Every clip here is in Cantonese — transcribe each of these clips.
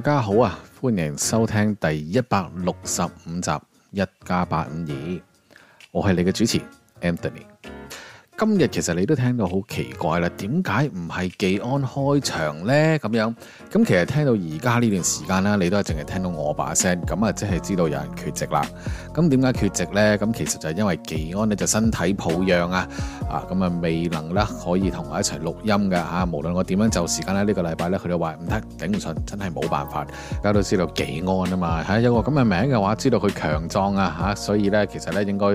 大家好啊！歡迎收聽第一百六十五集一家852，我係你嘅主持 Anthony。今日其實你都聽到好奇怪啦，點解唔係技安開場呢？咁樣，咁其實聽到而家呢段時間咧，你都係淨係聽到我把聲，咁啊即係知道有人缺席啦。咁點解缺席呢？咁其實就係因為技安呢，就身體抱恙啊，啊咁啊未能咧可以同我一齊錄音噶嚇、啊。無論我點樣就時間呢，呢、呢個禮拜呢，佢都話唔得，頂唔順，真係冇辦法。大家都知道技安啊嘛，嚇、啊、有個咁嘅名嘅話，知道佢強壯啊嚇，所以呢，其實呢，應該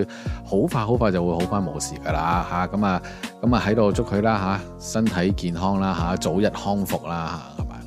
好快好快就會好翻無事噶啦嚇。啊咁啊，咁啊喺度祝佢啦嚇，身體健康啦嚇、啊，早日康復啦嚇，係、啊、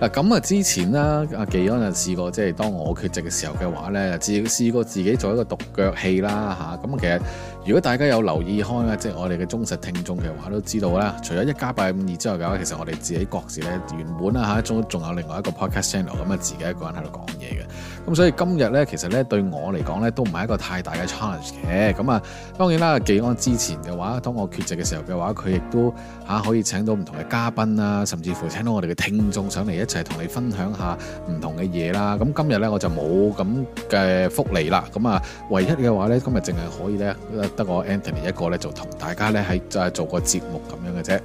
咪？嗱，咁啊之前啦，阿、啊、技安就試過即係當我缺席嘅時候嘅話咧，試試過自己做一個獨腳戲啦嚇，咁、啊啊嗯、其實。如果大家有留意開啊，即係我哋嘅忠實聽眾嘅話，都知道啦。除咗一家八五二之外嘅話，其實我哋自己各自咧原本啦嚇，仲仲有另外一個 podcast channel，咁啊自己一個人喺度講嘢嘅。咁所以今日咧，其實咧對我嚟講咧，都唔係一個太大嘅 challenge 嘅。咁啊，當然啦，技安之前嘅話，當我缺席嘅時候嘅話，佢亦都嚇可以請到唔同嘅嘉賓啊，甚至乎請到我哋嘅聽眾上嚟一齊同你分享下唔同嘅嘢啦。咁今日咧我就冇咁嘅福利啦。咁啊，唯一嘅話咧，今日淨係可以咧，啊得我 Anthony 一個咧，就同大家咧喺就係做個節目咁樣嘅啫。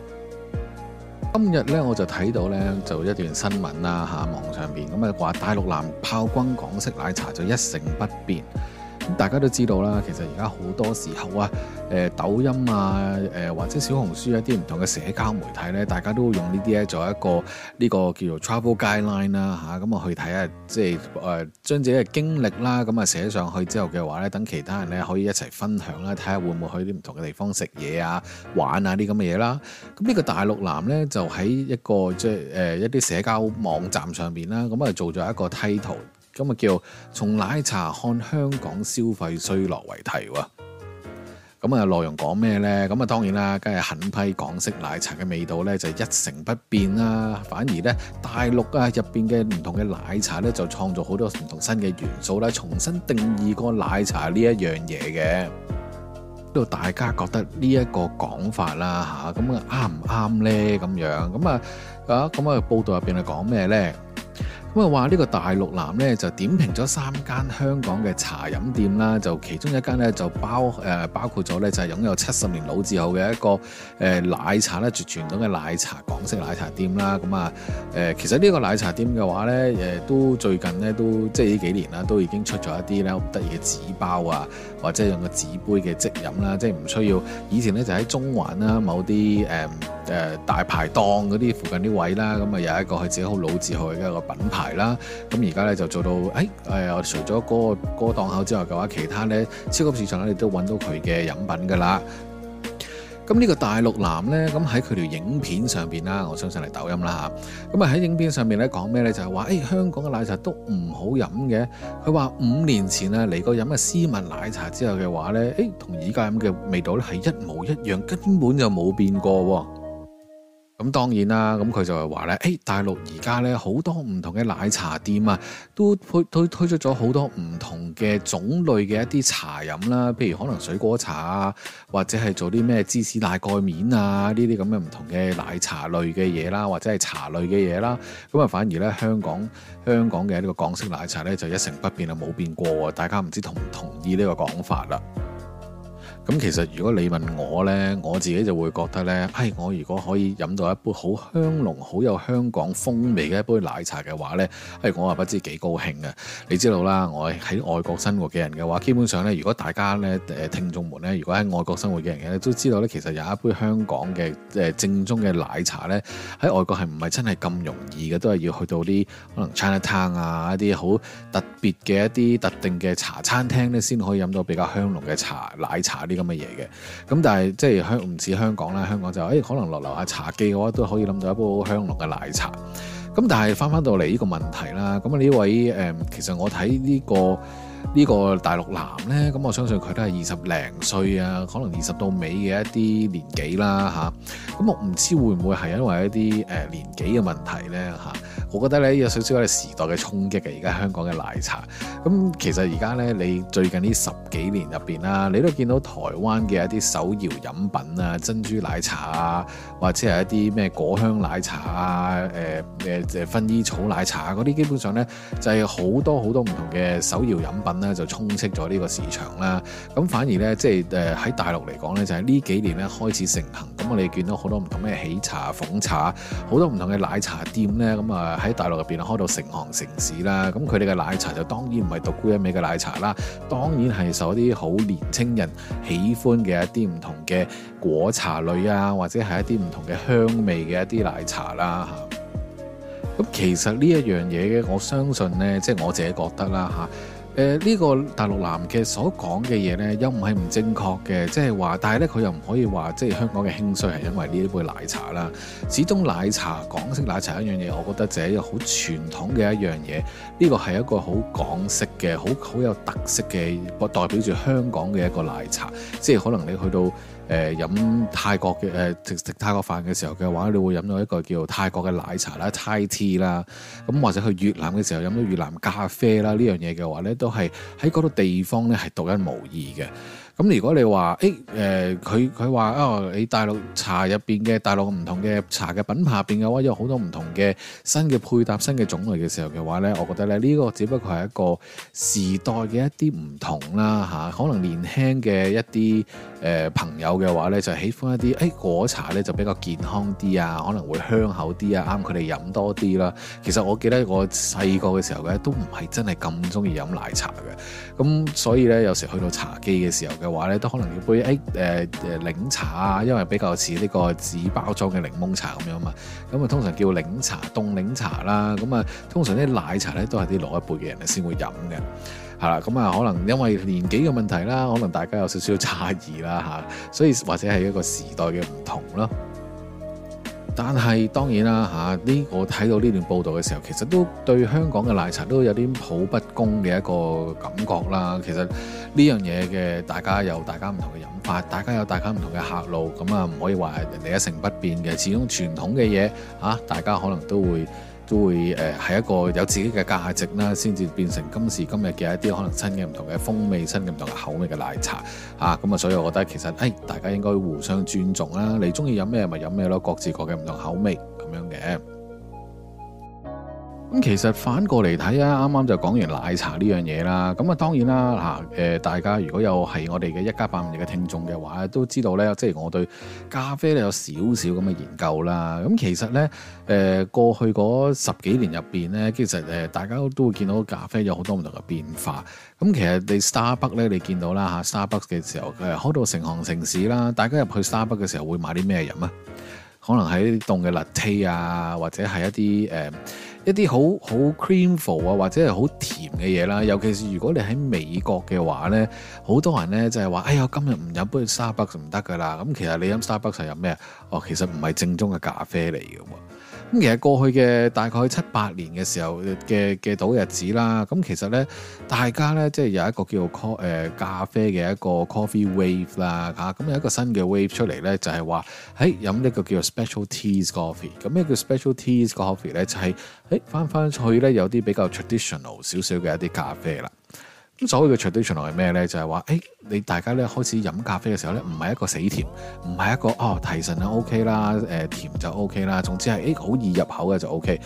今日呢，我就睇到呢，就一段新聞啦嚇，啊，網上邊咁啊話大陸男炮轟港式奶茶就一成不變。大家都知道啦，其實而家好多時候啊，誒、呃、抖音啊，誒、呃、或者小紅書一啲唔同嘅社交媒體呢，大家都會用呢啲咧做一個呢、這個叫做 travel guideline 啦、啊，嚇咁啊去睇下，即係誒將自己嘅經歷啦，咁啊寫上去之後嘅話呢，等其他人呢可以一齊分享啦，睇下會唔會去啲唔同嘅地方食嘢啊、玩啊啲咁嘅嘢啦。咁、嗯、呢、這個大陸男呢，就喺一個即係誒一啲社交網站上邊啦，咁啊做咗一個 title。咁啊叫從奶茶看香港消費衰落為題，咁啊內容講咩呢？咁啊當然啦，梗係狠批港式奶茶嘅味道呢，就一成不變啦，反而呢，大陸啊入邊嘅唔同嘅奶茶呢，就創造好多唔同新嘅元素啦，重新定義過奶茶呢一樣嘢嘅。呢度大家覺得呢一個講法啦吓，咁啊啱唔啱呢？咁樣咁、嗯、啊啊咁啊報道入邊係講咩呢？咁啊話呢個大陸男咧就點評咗三間香港嘅茶飲店啦，就其中一間咧就包誒、呃、包括咗咧就係、是、擁有七十年老字號嘅一個誒、呃、奶茶咧，絕傳統嘅奶茶港式奶茶店啦。咁啊誒其實呢個奶茶店嘅話咧誒、呃、都最近咧都即係呢幾年啦，都已經出咗一啲咧得意嘅紙包啊，或者用個紙杯嘅、啊、即飲、啊呃、啦，即係唔需要以前咧就喺中環啦某啲誒誒大排檔啲附近啲位啦，咁啊有一個係自己好老字號嘅一個品牌。係啦，咁而家咧就做到，誒、哎，誒、哎，除咗嗰、嗰個檔、嗰個、口之外嘅話，其他呢超級市場咧，你都揾到佢嘅飲品噶啦。咁呢個大陸男呢，咁喺佢條影片上邊啦，我相信係抖音啦。咁啊喺影片上面呢，講咩呢？就係、是、話，誒、哎，香港嘅奶茶都唔好飲嘅。佢話五年前啊嚟過飲嘅絲襪奶茶之後嘅話呢，誒、哎，同而家飲嘅味道呢，係一模一樣，根本就冇變過。咁當然啦，咁佢就係話咧，誒、欸、大陸而家咧好多唔同嘅奶茶店啊，都推都推出咗好多唔同嘅種類嘅一啲茶飲啦，譬如可能水果茶啊，或者係做啲咩芝士奶蓋麵啊呢啲咁嘅唔同嘅奶茶類嘅嘢啦，或者係茶類嘅嘢啦，咁啊反而咧香港香港嘅呢個港式奶茶咧就一成不變啊，冇變過啊，大家唔知同唔同意呢個講法啦？咁其實如果你問我咧，我自己就會覺得咧，唉、哎，我如果可以飲到一杯好香濃、好有香港風味嘅一杯奶茶嘅話咧，唉、哎，我話不知幾高興啊！你知道啦，我喺外國生活嘅人嘅話，基本上咧，如果大家咧誒聽眾們咧，如果喺外國生活嘅人咧，都知道咧，其實有一杯香港嘅誒、呃、正宗嘅奶茶咧，喺外國係唔係真係咁容易嘅？都係要去到啲可能 China Town 啊一啲好特別嘅一啲特定嘅茶餐廳咧，先可以飲到比較香濃嘅茶奶茶。啲咁嘅嘢嘅，咁但係即係香，唔似香港啦。香港就是，誒、欸，可能落樓下茶記嘅話，都可以諗到一杯香濃嘅奶茶。咁但係翻翻到嚟呢個問題啦，咁啊呢位誒、呃，其實我睇呢、呢個呢、呢個大陸男呢，咁、嗯、我相信佢都係二十零歲啊，可能二十到尾嘅一啲年紀啦，吓、啊。咁我唔知會唔會係因為一啲誒、呃、年紀嘅問題呢？吓、啊。我覺得呢，有少少係時代嘅衝擊嘅。而家香港嘅奶茶，咁其實而家呢，你最近呢十幾年入邊啦，你都見到台灣嘅一啲手搖飲品啊，珍珠奶茶啊，或者係一啲咩果香奶茶啊，誒誒薰衣草奶茶嗰啲，基本上呢，就係好多好多唔同嘅手搖飲品呢，就充斥咗呢個市場啦。咁反而呢，即係誒喺大陸嚟講呢，就係呢幾年呢，開始盛行。我哋見到好多唔同嘅喜茶、鳳茶，好多唔同嘅奶茶店呢，咁啊喺大陸入邊開到成行成市啦。咁佢哋嘅奶茶就當然唔係獨沽一味嘅奶茶啦，當然係受一啲好年青人喜歡嘅一啲唔同嘅果茶類啊，或者係一啲唔同嘅香味嘅一啲奶茶啦。吓咁，其實呢一樣嘢嘅，我相信呢，即係我自己覺得啦，吓。誒呢個大陸男嘅所講嘅嘢呢，又唔係唔正確嘅，即係話，但係呢，佢又唔可以話，即係香港嘅興衰係因為呢一杯奶茶啦。始終奶茶，港式奶茶一樣嘢，我覺得就係一個好傳統嘅一樣嘢。呢個係一個好港式嘅好好有特色嘅，代表住香港嘅一個奶茶。即係可能你去到。誒飲、呃、泰國嘅誒食食泰國飯嘅時候嘅話，你會飲到一個叫泰國嘅奶茶啦 Thai tea 啦，咁或者去越南嘅時候飲到越南咖啡啦，呢樣嘢嘅話咧，都係喺嗰度地方咧係獨一無二嘅。咁如果你話誒誒佢佢話哦，你大陸茶入邊嘅大陸唔同嘅茶嘅品牌入邊嘅話，有好多唔同嘅新嘅配搭、新嘅種類嘅時候嘅話咧，我覺得咧呢、這個只不過係一個時代嘅一啲唔同啦嚇、啊，可能年輕嘅一啲誒、呃、朋友嘅話咧就喜歡一啲誒、欸、果茶咧就比較健康啲啊，可能會香口啲啊，啱佢哋飲多啲啦。其實我記得我細個嘅時候咧都唔係真係咁中意飲奶茶嘅，咁所以咧有時去到茶記嘅時候嘅話咧，都可能要杯誒誒誒檸茶啊，因為比較似呢個紙包裝嘅檸檬茶咁樣啊嘛，咁啊通常叫檸茶、凍檸茶啦，咁啊通常啲奶茶咧都係啲老一輩嘅人啊先會飲嘅，係啦，咁、嗯、啊可能因為年紀嘅問題啦，可能大家有少少差異啦嚇，所以或者係一個時代嘅唔同咯。但係當然啦、啊，嚇、這、呢個睇到呢段報導嘅時候，其實都對香港嘅奶茶都有啲好不公嘅一個感覺啦。其實呢樣嘢嘅大家有大家唔同嘅飲法，大家有大家唔同嘅客路，咁啊唔可以話係人哋一成不變嘅。始終傳統嘅嘢，嚇、啊、大家可能都會。都會誒係、呃、一個有自己嘅價值啦，先至變成今時今日嘅一啲可能新嘅唔同嘅風味、新嘅唔同嘅口味嘅奶茶啊！咁啊，所以我覺得其實誒、哎，大家應該互相尊重啦。你中意飲咩咪飲咩咯，各自各嘅唔同口味咁樣嘅。咁其實反過嚟睇啊，啱啱就講完奶茶呢樣嘢啦。咁啊當然啦，嗱、呃、誒，大家如果有係我哋嘅一家百五嘅聽眾嘅話，都知道咧，即係我對咖啡咧有少少咁嘅研究啦。咁其實咧，誒、呃、過去嗰十幾年入邊咧，其實誒大家都會見到咖啡有好多唔同嘅變化。咁其實你 Starbucks 咧，你見到啦嚇 Starbucks 嘅時候，誒開到成行城市啦。大家入去 Starbucks 嘅時候會買啲咩飲啊？可能喺凍嘅辣 a t 啊，或者係一啲誒。呃一啲好好 creamful 啊，cream ful，或者係好甜嘅嘢啦。尤其是如果你喺美國嘅話呢，好多人呢就係話：哎呀，今日唔飲杯 Starbucks 就唔得噶啦。咁其實你飲 Starbucks 係飲咩？哦，其實唔係正宗嘅咖啡嚟嘅喎。咁其實過去嘅大概七八年嘅時候嘅嘅倒日子啦，咁其實咧大家咧即係有一個叫做 co 誒咖啡嘅一個 coffee wave 啦嚇，咁、啊嗯、有一個新嘅 wave 出嚟咧，就係話喺飲呢個叫做 specialty coffee。咁咩叫 specialty coffee 咧？就係喺翻返去咧有啲比較 traditional 少少嘅一啲咖啡啦。咁所謂嘅 traditional 係咩呢？就係話，誒你大家咧開始飲咖啡嘅時候呢，唔係一個死甜，唔係一個哦提神就 O K 啦，誒甜就 O K 啦，總之係誒好易入口嘅就 OK。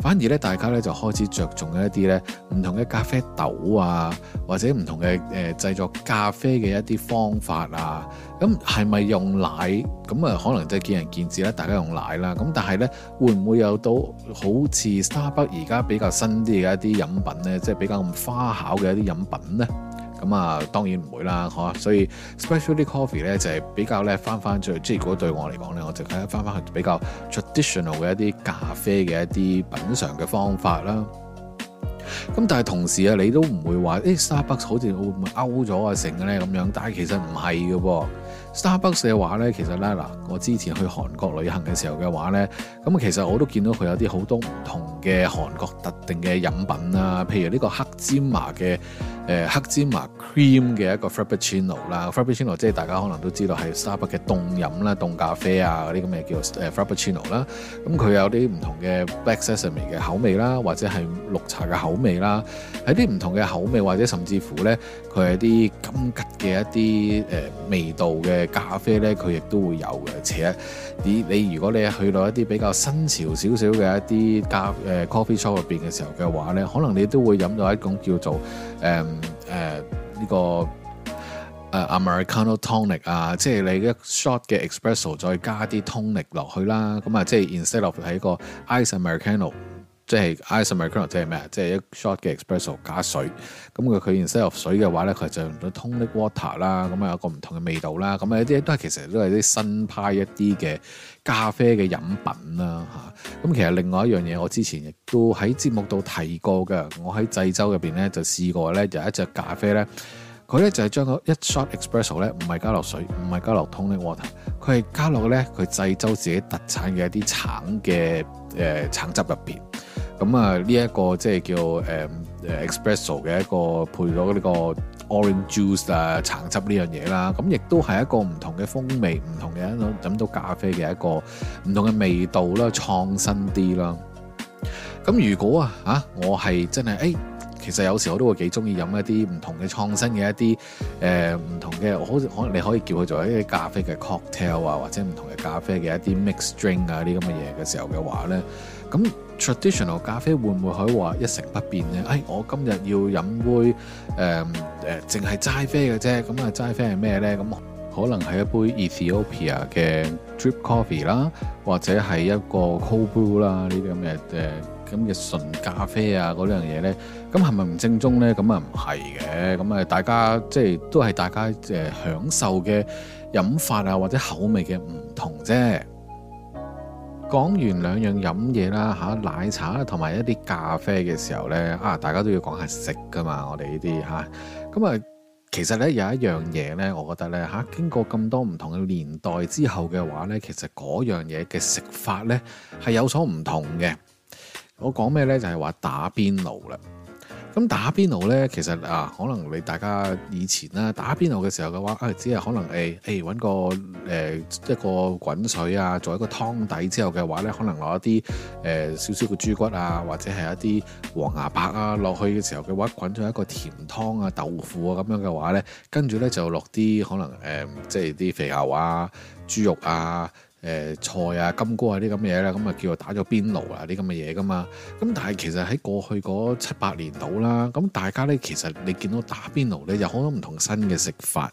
反而咧，大家咧就開始着重一啲咧唔同嘅咖啡豆啊，或者唔同嘅誒、呃、製作咖啡嘅一啲方法啊。咁係咪用奶？咁、嗯、啊，可能即係見仁見智啦。大家用奶啦。咁但係咧，會唔會有到好似 Starbucks 而家比較新啲嘅一啲飲品咧，即係比較咁花巧嘅一啲飲品咧？咁啊、嗯，當然唔會啦，好啊，所以 specialty coffee 咧就係、是、比較咧翻翻最，即係如果對我嚟講咧，我就睇翻翻去比較 traditional 嘅一啲咖啡嘅一啲品嚐嘅方法啦。咁、嗯、但係同時啊，你都唔會話誒 Starbucks 好似會唔會 out 咗啊成嘅咧咁樣，但係其實唔係嘅噃。Starbucks 嘅話咧，其實咧嗱，我之前去韓國旅行嘅時候嘅話咧，咁、嗯、其實我都見到佢有啲好多唔同嘅韓國特定嘅飲品啊，譬如呢個黑芝麻嘅。誒、呃、黑芝麻 cream 嘅一個 Frappuccino 啦，Frappuccino 即係大家可能都知道係 Starbucks 嘅凍飲啦、凍咖啡啊嗰啲咁嘅叫誒 Frappuccino 啦，咁、嗯、佢有啲唔同嘅 black sesame 嘅口味啦，或者係綠茶嘅口味啦，喺啲唔同嘅口味，或者甚至乎咧。佢有啲金桔嘅一啲誒、呃、味道嘅咖啡咧，佢亦都會有嘅。且你你如果你去到一啲比較新潮少少嘅一啲咖誒、呃、coffee shop 入邊嘅時候嘅話咧，可能你都會飲到一種叫做誒誒呢個誒、呃、Americano tonic 啊，即係你一 shot 嘅 espresso 再加啲 tonic 落去啦。咁啊，即係 instead of 喺個、like、ice americano。即係 ice americano，即係咩啊？即係一 shot 嘅 espresso 加水。咁佢佢而家落水嘅話咧，佢就用到通力 water 啦。咁啊，有個唔同嘅味道啦。咁啊，啲都係其實都係啲新派一啲嘅咖啡嘅飲品啦嚇。咁其實另外一樣嘢，我之前亦都喺節目度提過嘅。我喺濟州入邊咧就試過咧有一隻咖啡咧，佢咧就係將一 shot espresso 咧唔係加落水，唔係加落通力 water，佢係加落咧佢濟州自己特產嘅一啲橙嘅誒、呃、橙汁入邊。咁、嗯這個嗯呃 so、啊，呢、嗯、一個即係叫誒誒 espresso 嘅一個配咗呢個 orange juice 啊橙汁呢樣嘢啦，咁亦都係一個唔同嘅風味，唔同嘅飲到咖啡嘅一個唔同嘅味道啦，創新啲啦。咁、嗯、如果啊嚇、啊、我係真係誒、哎，其實有時我都會幾中意飲一啲唔同嘅創新嘅一啲誒唔同嘅，可能你可以叫佢做一啲咖啡嘅 cocktail 啊，或者唔同嘅咖啡嘅一啲 mix drink 啊啲咁嘅嘢嘅時候嘅話咧，咁、嗯。Traditional 咖啡會唔會可以話一成不變呢？誒、哎，我今日要飲杯誒誒，淨係齋啡嘅啫。咁啊，齋啡係咩呢？咁可能係一杯 Ethiopia 嘅 Drip Coffee 啦，或者係一個 Cold Brew 啦，呢啲咁嘅誒咁嘅純咖啡啊，嗰樣嘢呢，咁係咪唔正宗呢？咁啊唔係嘅。咁啊，大家即係都係大家誒享受嘅飲法啊，或者口味嘅唔同啫。講完兩樣飲嘢啦嚇，奶茶咧同埋一啲咖啡嘅時候呢，啊，大家都要講下食㗎嘛，我哋呢啲嚇。咁啊，其實呢，有一樣嘢呢，我覺得呢，嚇、啊，經過咁多唔同嘅年代之後嘅話呢，其實嗰樣嘢嘅食法呢係有所唔同嘅。我講咩呢，就係、是、話打邊爐啦。咁打邊爐呢，其實啊，可能你大家以前啦、啊、打邊爐嘅時候嘅話，啊，只係可能誒誒揾個誒、欸、一個滾水啊，做一個湯底之後嘅話呢，可能攞一啲誒、欸、少少嘅豬骨啊，或者係一啲黃牙白啊落去嘅時候嘅話，滾咗一個甜湯啊、豆腐啊咁樣嘅話呢，跟住呢就落啲可能誒、欸、即係啲肥牛啊、豬肉啊。誒、呃、菜啊、金菇啊啲咁嘅嘢啦，咁啊叫做打咗邊爐啊啲咁嘅嘢噶嘛。咁但係其實喺過去嗰七八年度啦，咁大家咧其實你見到打邊爐咧有好多唔同的新嘅食法。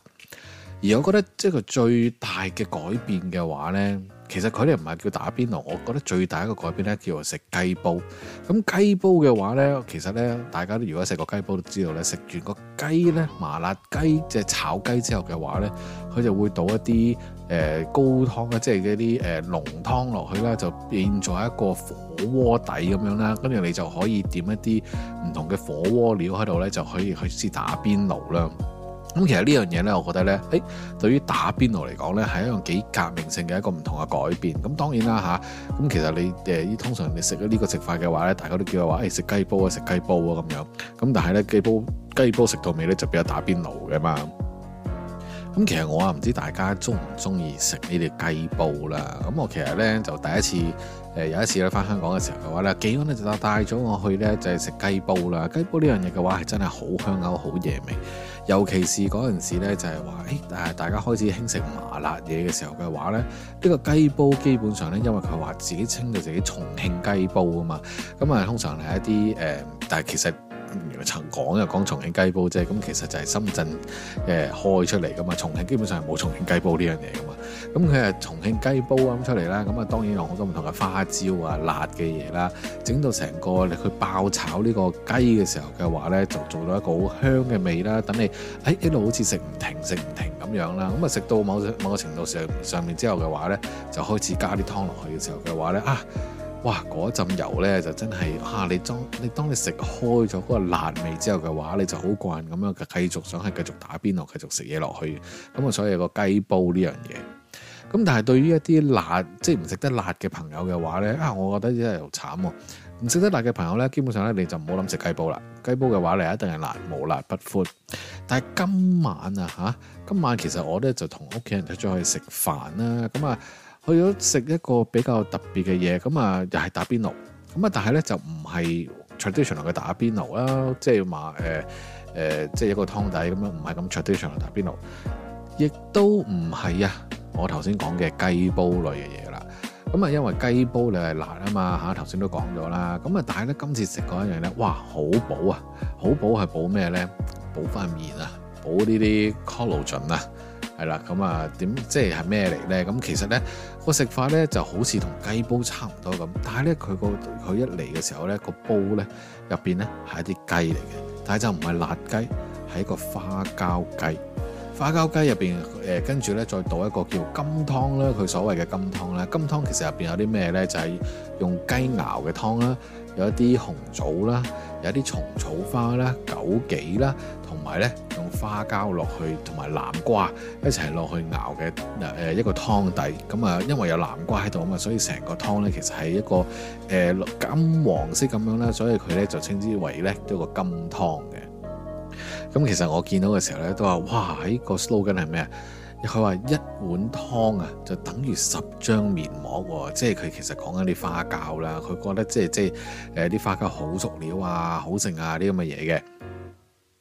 而我覺得即係個最大嘅改變嘅話咧，其實佢哋唔係叫打邊爐，我覺得最大一個改變咧叫做食雞煲。咁、嗯、雞煲嘅話咧，其實咧大家咧如果食過雞煲都知道咧，食完個雞咧麻辣雞即係炒雞之後嘅話咧，佢就會倒一啲。誒、呃、高湯咧，即係啲誒濃湯落去啦，就變咗一個火鍋底咁樣啦，跟住你就可以點一啲唔同嘅火鍋料喺度咧，就可以去試打邊爐啦。咁、嗯、其實呢樣嘢咧，我覺得咧，誒、欸、對於打邊爐嚟講咧，係一樣幾革命性嘅一個唔同嘅改變。咁、嗯、當然啦吓，咁、啊、其實你誒、呃、通常你食咗呢個食法嘅話咧，大家都叫佢話誒食雞煲啊，食、嗯、雞煲啊咁樣。咁但係咧雞煲雞煲食到尾咧就變咗打邊爐嘅嘛。咁其實我啊唔知大家鍾唔鍾意食呢啲雞煲啦。咁我其實咧就第一次誒、呃、有一次咧返香港嘅時候嘅話咧，幾安咧就帶咗我去咧就係、是、食雞煲啦。雞煲呢樣嘢嘅話係真係好香口、好惹味，尤其是嗰陣時咧就係話誒大家開始興食麻辣嘢嘅時候嘅話咧，呢、這個雞煲基本上咧因為佢話自己稱做自己重慶雞煲啊嘛，咁啊通常係一啲誒、呃，但係其實。原來曾講又講重慶雞煲啫，咁其實就係深圳誒開出嚟噶嘛。重慶基本上係冇重慶雞煲呢樣嘢噶嘛。咁佢係重慶雞煲咁出嚟啦。咁啊，當然有好多唔同嘅花椒啊、辣嘅嘢啦，到整到成個佢爆炒呢個雞嘅時候嘅話呢，就做到一個香、哎、好香嘅味啦。等你誒一路好似食唔停、食唔停咁樣啦。咁、嗯、啊，食到某某個程度上上面之後嘅話呢，就開始加啲湯落去嘅時候嘅話呢。啊。哇！嗰陣油咧就真係啊！你當你當你食開咗嗰個辣味之後嘅話，你就好慣咁樣繼續想係繼續打邊爐，繼續食嘢落去。咁啊，所以有個雞煲呢樣嘢。咁但係對於一啲辣即係唔食得辣嘅朋友嘅話咧啊，我覺得真係又慘喎、啊！唔食得辣嘅朋友咧，基本上咧你就唔好諗食雞煲啦。雞煲嘅話你一定係辣，無辣不歡。但係今晚啊嚇，今晚其實我咧就同屋企人出咗去食飯啦。咁啊～去咗食一個比較特別嘅嘢，咁啊又係打邊爐，咁啊但係咧就唔係 traditional 嘅打邊爐啦，即係話誒誒即係一個湯底咁樣，唔係咁 traditional 打邊爐，亦都唔係啊。我頭先講嘅雞煲類嘅嘢啦，咁啊因為雞煲你係辣啊嘛嚇，頭先都講咗啦，咁啊但係咧今次食嗰一樣咧，哇好補啊，好補係補咩咧？補翻面補啊，補呢啲 collagen 啊！係啦，咁啊點即係係咩嚟咧？咁其實咧個食法咧就好似同雞煲差唔多咁，但係咧佢個佢一嚟嘅時候咧個煲咧入邊咧係一啲雞嚟嘅，但係就唔係辣雞，係一個花膠雞。花膠雞入邊誒跟住咧再倒一個叫金湯啦，佢所謂嘅金湯啦。金湯其實入邊有啲咩咧？就係用雞熬嘅湯啦，有一啲紅棗啦，有一啲蟲草花啦、枸杞啦，同埋咧，花膠落去同埋南瓜一齊落去熬嘅，誒一個湯底，咁啊因為有南瓜喺度啊嘛，所以成個湯呢其實係一個誒金黃色咁樣啦，所以佢呢就稱之為呢叫個金湯嘅。咁其實我見到嘅時候呢都話，哇，喺個 slogan 係咩？佢話一碗湯啊就等於十張面膜，即係佢其實講緊啲花膠啦，佢覺得即係即係誒啲花膠好足料啊，好剩啊啲咁嘅嘢嘅。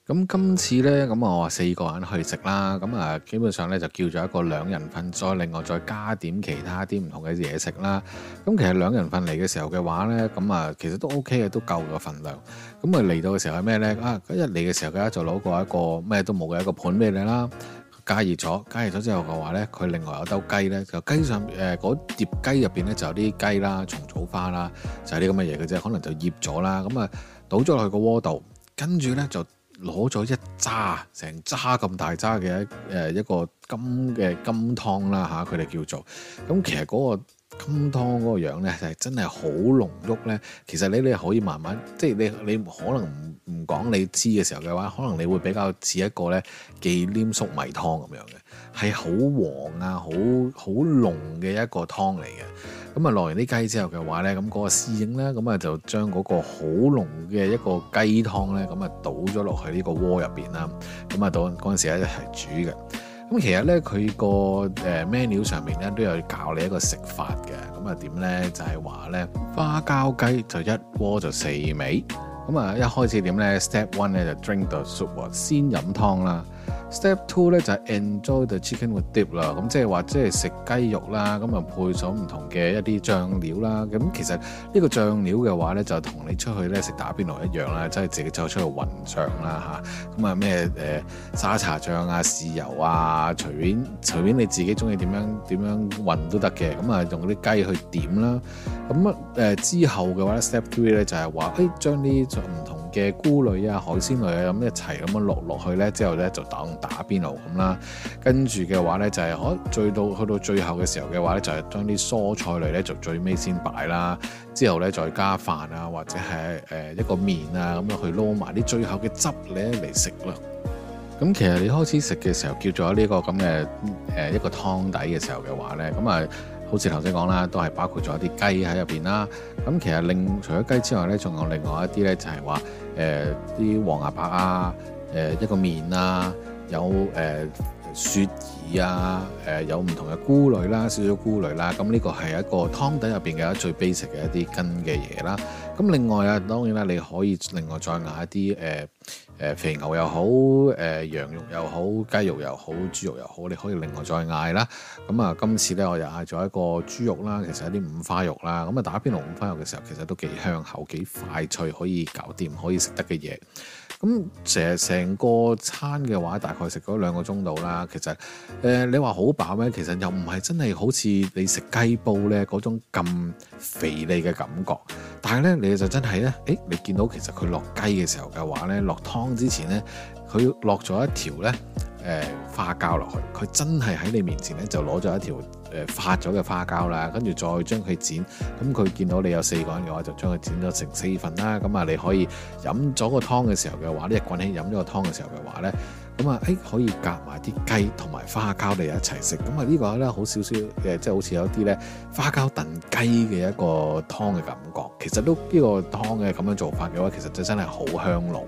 咁今次呢，咁啊，我四個人去食啦。咁啊，基本上呢，就叫咗一個兩人份，再另外再加點其他啲唔同嘅嘢食啦。咁其實兩人份嚟嘅時候嘅話呢，咁啊，其實都 O K 嘅，都夠個份量。咁啊，嚟到嘅時候係咩呢？啊一嚟嘅時候，佢咧就攞過一個咩都冇嘅一個盤俾你啦，加熱咗，加熱咗之後嘅話呢，佢另外有兜雞呢，就雞上誒嗰、呃、碟雞入邊呢，就有啲雞啦、蟲草花啦，就係啲咁嘅嘢嘅啫，可能就醃咗啦。咁啊，倒咗落去個鍋度，跟住呢，就。攞咗一揸，成揸咁大揸嘅一誒一個金嘅金湯啦嚇，佢哋、啊、叫做。咁其實嗰個金湯嗰個樣咧，就係真係好濃郁咧。其實你你可以慢慢，即係你你可能唔唔講你知嘅時候嘅話，可能你會比較似一個咧忌廉粟米湯咁樣嘅，係好黃啊，好好濃嘅一個湯嚟嘅。咁啊落完啲雞之後嘅話、那個、呢，咁嗰個侍應呢，咁啊就將嗰個好濃嘅一個雞湯呢，咁啊倒咗落去呢個鍋入邊啦。咁啊到嗰陣時一齊煮嘅。咁其實呢，佢個誒 menu 上面咧都有教你一個食法嘅。咁啊點呢？就係、是、話呢，花膠雞就一鍋就四味。咁啊一開始點呢 step one 呢，就 drink the soup 先飲湯啦。Step two 咧，就係 enjoy the chicken with dip 啦，咁即係話即係食雞肉啦，咁啊配咗唔同嘅一啲醬料啦，咁其實呢個醬料嘅話咧就同你出去咧食打邊爐一樣啦，即係自己走出去混醬啦吓，咁啊咩誒沙茶醬啊、豉油啊，隨便隨便你自己中意點樣點樣混都得嘅，咁啊用啲雞去點啦，咁啊誒之後嘅話咧 step three 咧就係話誒將呢啲唔同。嘅菇類啊、海鮮類啊咁一齊咁樣落落去呢。之後呢，就當打邊爐咁啦。跟住嘅話呢，就係、是、可最到去到最後嘅時候嘅話呢，就係、是、將啲蔬菜類呢，就最尾先擺啦。之後呢，再加飯啊，或者係誒、呃、一個麵啊咁樣去撈埋啲最後嘅汁呢嚟食咯。咁其實你開始食嘅時候叫做呢個咁嘅誒一個湯底嘅時候嘅話呢，咁啊好似頭先講啦，都係包括咗啲雞喺入邊啦。咁其實除咗雞之外咧，仲有另外一啲咧，就係話誒啲黃芽白啊、呃，一個麵啊，有、呃雪耳啊，誒、呃、有唔同嘅菇類啦，少少菇類啦，咁、嗯、呢、這個係一個湯底入邊嘅最 basic 嘅一啲根嘅嘢啦。咁、嗯、另外啊，當然啦，你可以另外再嗌一啲誒誒肥牛又好，誒、呃、羊肉又好，雞肉又好，豬肉又好，你可以另外再嗌啦。咁、嗯、啊，今次呢，我又嗌咗一個豬肉啦，其實一啲五花肉啦，咁、嗯、啊打邊爐五花肉嘅時候，其實都幾香口，幾快脆，可以搞掂，可以食得嘅嘢。咁成成個餐嘅話，大概食咗兩個鐘度啦。其實，誒、呃、你話好飽咩？其實又唔係真係好似你食雞煲呢嗰種咁肥膩嘅感覺。但係呢，你就真係呢。誒、欸、你見到其實佢落雞嘅時候嘅話呢，落湯之前呢。佢落咗一條咧，誒、呃、花膠落去，佢真係喺你面前咧就攞咗一條誒發咗嘅花膠啦，跟住再將佢剪，咁佢見到你有四個人嘅話，就將佢剪咗成四份啦。咁啊，你可以飲咗個湯嘅時候嘅話，呢一滾起飲咗個湯嘅時候嘅話咧，咁啊，誒可以夾埋啲雞同埋花膠嚟一齊食。咁啊，呢個咧好少少誒，即係好似有啲咧花膠燉雞嘅一個湯嘅感覺。其實都呢、呢個湯嘅咁樣做法嘅話，其實就真係好香濃。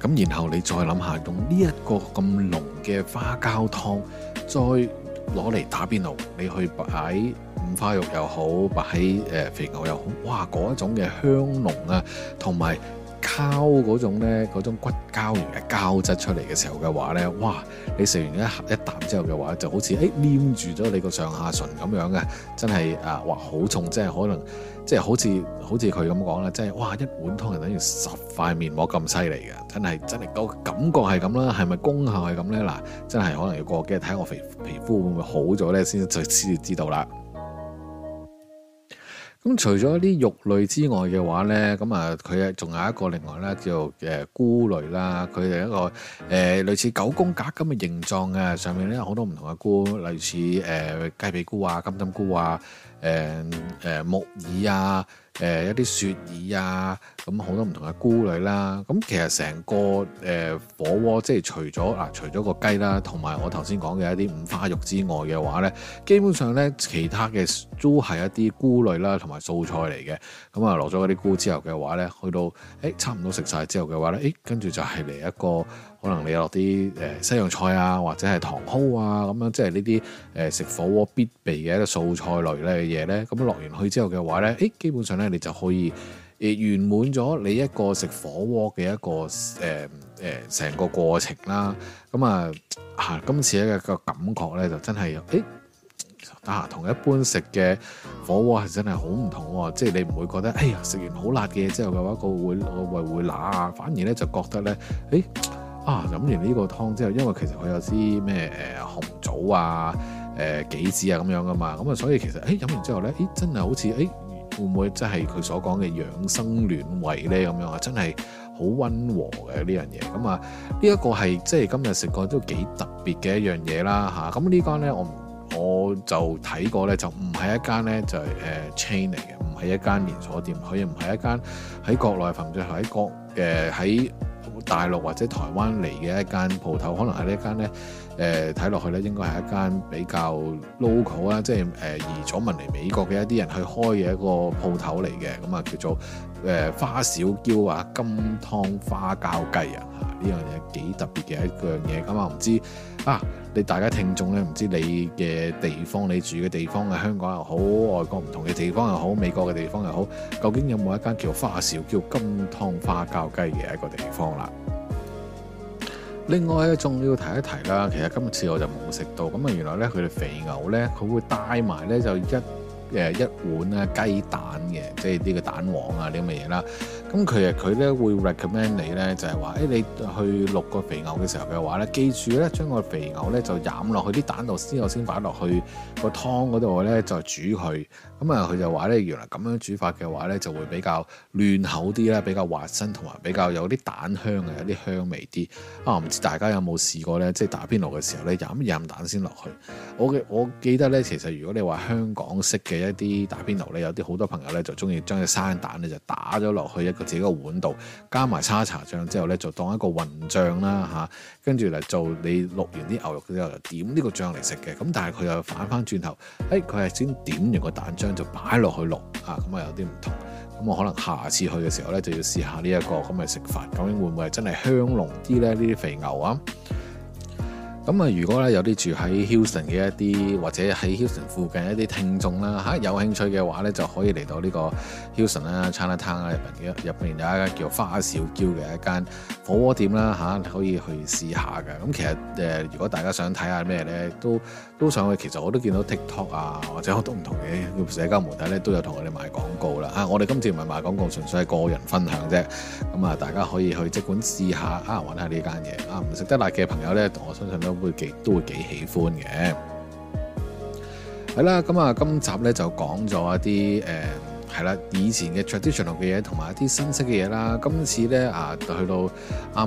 咁然後你再諗下，用呢一個咁濃嘅花膠湯，再攞嚟打邊爐，你去擺五花肉又好，擺誒肥牛又好，哇！嗰一種嘅香濃啊，同埋～膠嗰種咧，嗰種骨膠原嘅膠質出嚟嘅時候嘅話咧，哇！你食完一盒一啖之後嘅話，就好似誒、欸、黏住咗你個上下唇咁樣嘅，真係啊，哇！好重，真係可能即係好似好似佢咁講啦，即係哇一碗湯係等於十塊面膜咁犀利嘅，真係真係個感覺係咁啦，係咪功效係咁咧？嗱，真係可能要過幾日睇下我皮皮膚會唔會好咗咧，先就先至知道啦。咁除咗啲肉類之外嘅話呢，咁啊佢仲有一個另外呢，叫做誒菇類啦。佢係一個誒類似九宮格咁嘅形狀啊，上面呢有好多唔同嘅菇，類似誒雞髀菇啊、金針菇啊。誒誒、呃呃、木耳啊，誒、呃、一啲雪耳啊，咁、嗯、好多唔同嘅菇類啦。咁、嗯、其實成個誒、呃、火鍋，即係除咗嗱，除咗個雞啦，同埋我頭先講嘅一啲五花肉之外嘅話呢，基本上呢，其他嘅都係一啲菇類啦，同埋素菜嚟嘅。咁啊落咗嗰啲菇之後嘅話呢，去到誒、欸、差唔多食晒之後嘅話呢，誒跟住就係嚟一個。可能你落啲誒西洋菜啊，或者係茼蒿啊，咁樣即係呢啲誒食火鍋必備嘅一啲素菜類咧嘅嘢咧，咁落完去之後嘅話咧，誒、欸、基本上咧你就可以圓滿咗你一個食火鍋嘅一個誒誒成個過程啦。咁啊啊，今次嘅個感覺咧就真係誒、欸、啊，同一般食嘅火鍋係真係好唔同喎、哦，即係你唔會覺得哎呀食完好辣嘅嘢」之後嘅話，個會個胃會，會，會辣啊，反而咧就覺得咧誒。欸啊！飲完呢個湯之後，因為其實佢有啲咩誒紅棗啊、誒、呃、杞子啊咁樣噶嘛，咁啊，所以其實誒飲完之後咧，誒真係好似誒會唔會真係佢所講嘅養生暖胃咧咁樣，樣，樣啊？真係好溫和嘅呢樣嘢。咁啊，呢一個係即係今日食過都幾特別嘅一樣嘢啦嚇。咁呢間咧，我我就睇過咧，就唔係一間咧，就係、是、誒、uh, chain 嚟嘅，唔係一間連鎖店，佢又唔係一間喺國內或者喺國嘅喺。大陸或者台灣嚟嘅一間鋪頭，可能係呢間咧，誒睇落去咧，應該係一間比較 local 啦，即係誒移咗民嚟美國嘅一啲人去開嘅一個鋪頭嚟嘅，咁啊叫做誒、呃、花小嬌啊金湯花膠雞啊，呢樣嘢幾特別嘅一樣嘢咁啊，唔知。啊！你大家聽眾咧，唔知你嘅地方，你住嘅地方啊，香港又好，外國唔同嘅地方又好，美國嘅地方又好，究竟有冇一間叫花少、叫金湯花膠雞嘅一個地方啦？另外啊，仲要提一提啦，其實今次我就冇食到，咁啊，原來咧佢哋肥牛咧，佢會帶埋咧就一誒一碗咧雞蛋嘅，即係呢個蛋黃啊啲咁嘅嘢啦。咁其實佢咧會 recommend 你咧就係話，誒你去淥個肥牛嘅時候嘅話咧，記住咧將個肥牛咧就飲落去啲蛋度先，我先擺落去個湯嗰度咧就煮佢。咁啊，佢就話咧，原來咁樣煮法嘅話咧就會比較嫩口啲啦，比較滑身同埋比較有啲蛋香嘅，有啲香味啲。啊，唔知大家有冇試過咧，即係打邊爐嘅時候咧，飲飲蛋先落去。我嘅我記得咧，其實如果你話香港式嘅一啲打邊爐咧，有啲好多朋友咧就中意將隻生蛋咧就打咗落去一。自己個碗度加埋沙茶醬之後呢，就當一個混醬啦嚇，跟住嚟做你落完啲牛肉之後，就點呢個醬嚟食嘅。咁但係佢又反翻轉頭，誒佢係先點完個蛋醬就擺落去落啊，咁啊有啲唔同。咁我可能下次去嘅時候呢，就要試下呢、呢、一個咁嘅食法，飯究竟會唔會真係香濃啲呢？呢啲肥牛啊！咁啊，如果咧有啲住喺 Hilton 嘅一啲，或者喺 Hilton 附近一啲聽眾啦，吓有興趣嘅話咧，就可以嚟到呢個 Hilton 啦，China Town 啊，入面嘅入面有一間叫花小嬌嘅一間火鍋店啦，嚇可以去試下嘅。咁其實誒，如果大家想睇下咩咧，都都上去，其實我都見到 TikTok 啊，或者好多唔同嘅社交媒體咧，都有同我哋賣廣告啦。吓。我哋今次唔係賣廣告，純粹係個人分享啫。咁啊，大家可以去即管試下，啊玩下呢間嘢，啊唔食得辣嘅朋友咧，同我相信都。會幾都會幾喜歡嘅，係啦，咁啊，今集咧就講咗一啲誒，係、嗯、啦，以前嘅 traditional 嘅嘢，同埋一啲新式嘅嘢啦。今次咧啊，到去到啱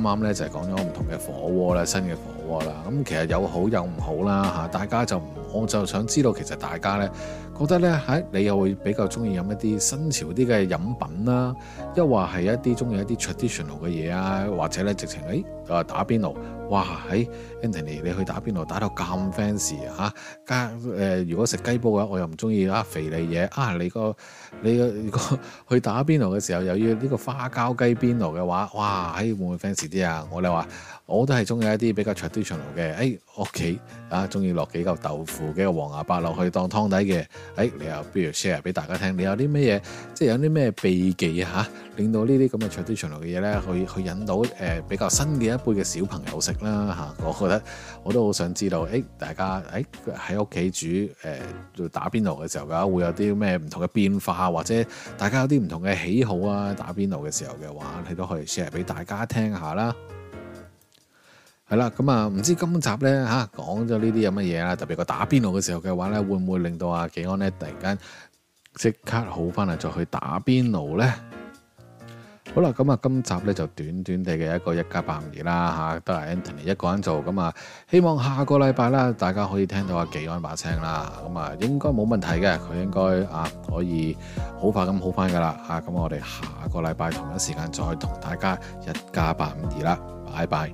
啱咧就係、是、講咗唔同嘅火鍋啦，新嘅火鍋啦。咁、嗯、其實有好有唔好啦，吓、啊，大家就唔。我就想知道其實大家咧覺得咧喺、哎、你又會比較中意飲一啲新潮啲嘅飲品啦、啊，又或係一啲中意一啲 traditional 嘅嘢啊，或者咧直情誒啊打邊爐，哇喺、哎、Anthony 你去打邊爐打到咁 fancy 嚇、啊，加、啊、誒、呃、如果食雞煲嘅話我又唔中意啊肥膩嘢啊，你個你個如果去打邊爐嘅時候又要呢個花膠雞邊爐嘅話，哇喺、哎、會唔會 fancy 啲啊？我哋話我都係中意一啲比較 traditional 嘅，誒屋企啊中意落幾嚿豆腐。做嘅黃芽白落去當湯底嘅，誒、哎、你又不如 share 俾大家聽，你有啲咩嘢，即係有啲咩秘技啊嚇，令到呢啲咁嘅 traditional 嘅嘢咧，去去引到誒、呃、比較新嘅一輩嘅小朋友食啦嚇，我覺得我都好想知道，誒、哎、大家誒喺屋企煮誒、呃、打邊爐嘅時候嘅話，會有啲咩唔同嘅變化，或者大家有啲唔同嘅喜好啊，打邊爐嘅時候嘅話，你都可以 share 俾大家聽下啦。係啦，咁、嗯、啊，唔知今集咧嚇講咗呢啲有乜嘢啊？特別個打邊爐嘅時候嘅話咧，會唔會令到阿、啊、幾安咧突然間即刻好翻嚟，再去打邊爐咧？好啦，咁、嗯、啊，今集咧就短短哋嘅一個一加八五二啦嚇、啊，都係 Anthony 一個人做咁啊。希望下個禮拜啦，大家可以聽到阿、啊、幾安把聲啦，咁啊應該冇問題嘅，佢應該啊可以快好快咁好翻噶啦嚇。咁、啊啊嗯、我哋下個禮拜同一時間再同大家一加八五二啦，拜拜。